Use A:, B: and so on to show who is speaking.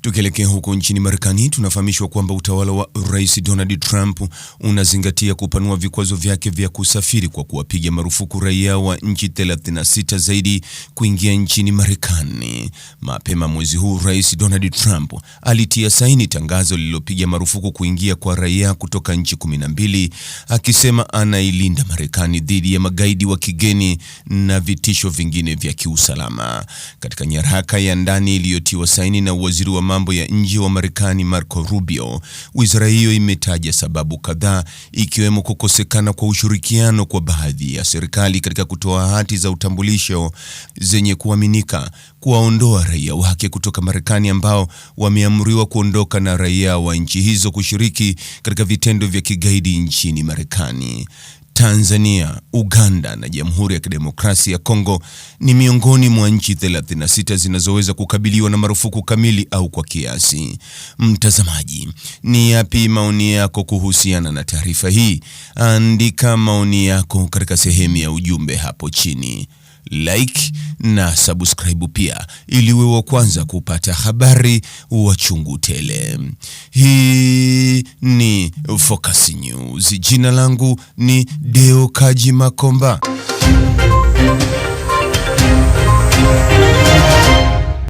A: Tukielekea huko nchini Marekani, tunafahamishwa kwamba utawala wa Rais Donald Trump unazingatia kupanua vikwazo vyake vya kusafiri kwa kuwapiga marufuku raia wa nchi 36 zaidi kuingia nchini Marekani. Mapema mwezi huu, Rais Donald Trump alitia saini tangazo lililopiga marufuku kuingia kwa raia kutoka nchi 12 akisema anailinda Marekani dhidi ya magaidi wa kigeni na vitisho vingine vya kiusalama. Katika nyaraka ya ndani iliyotiwa saini na Waziri wa Mambo ya Nje wa Marekani Marco Rubio, wizara hiyo imetaja sababu kadhaa ikiwemo kukosekana kwa ushirikiano kwa baadhi ya serikali katika kutoa hati za utambulisho zenye kuaminika, kuwaondoa kuwaondoa raia wake kutoka Marekani ambao wameamriwa kuondoka na raia wa nchi hizo kushiriki katika vitendo vya kigaidi nchini Marekani. Tanzania, Uganda na Jamhuri ya Kidemokrasia ya Kongo ni miongoni mwa nchi 36 zinazoweza kukabiliwa na marufuku kamili au kwa kiasi. Mtazamaji, ni yapi maoni yako kuhusiana na taarifa hii? Andika maoni yako katika sehemu ya ujumbe hapo chini. Like na subscribe pia ili uwe wa kwanza kupata habari wa chungu tele. Hii ni Focus News uchunguzi. Jina langu ni Deo Kaji Makomba.